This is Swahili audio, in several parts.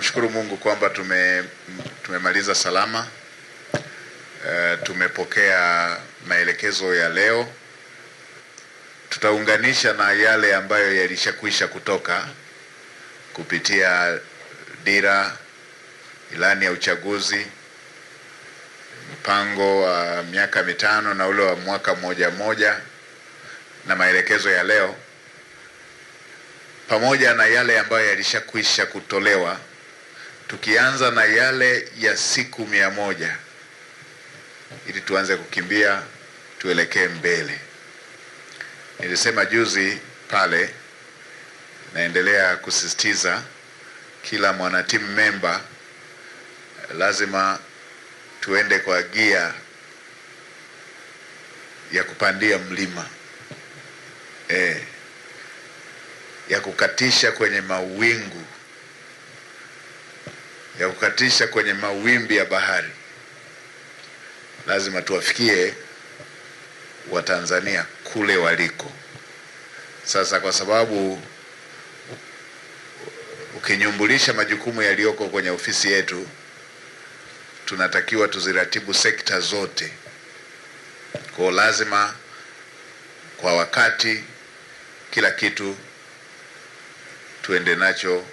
Tunamshukuru Mungu kwamba tume, tumemaliza salama. Uh, tumepokea maelekezo ya leo, tutaunganisha na yale ambayo yalishakwisha kutoka kupitia dira, ilani ya uchaguzi, mpango wa uh, miaka mitano na ule wa mwaka mmoja mmoja na maelekezo ya leo pamoja na yale ambayo yalishakwisha kutolewa tukianza na yale ya siku mia moja ili tuanze kukimbia tuelekee mbele. Nilisema juzi pale, naendelea kusisitiza kila mwanatimu memba lazima tuende kwa gia ya kupandia mlima e, ya kukatisha kwenye mawingu ya kukatisha kwenye mawimbi ya bahari. Lazima tuwafikie Watanzania kule waliko sasa, kwa sababu ukinyumbulisha majukumu yaliyoko kwenye ofisi yetu, tunatakiwa tuziratibu sekta zote kwa lazima, kwa wakati, kila kitu tuende nacho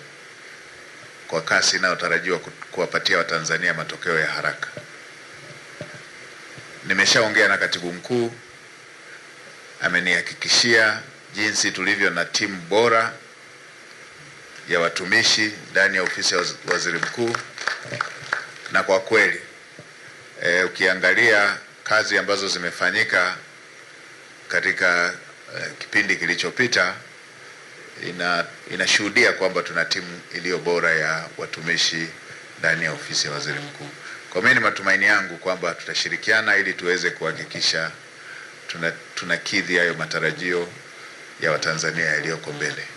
kwa kasi inayotarajiwa kuwapatia Watanzania matokeo ya haraka. Nimeshaongea na katibu mkuu, amenihakikishia jinsi tulivyo na timu bora ya watumishi ndani ya ofisi ya waziri mkuu, na kwa kweli e, ukiangalia kazi ambazo zimefanyika katika e, kipindi kilichopita ina inashuhudia kwamba tuna timu iliyo bora ya watumishi ndani ya ofisi ya waziri mkuu. Kwa mimi ni matumaini yangu kwamba tutashirikiana ili tuweze kuhakikisha tunakidhi tuna hayo matarajio ya Watanzania yaliyoko mbele.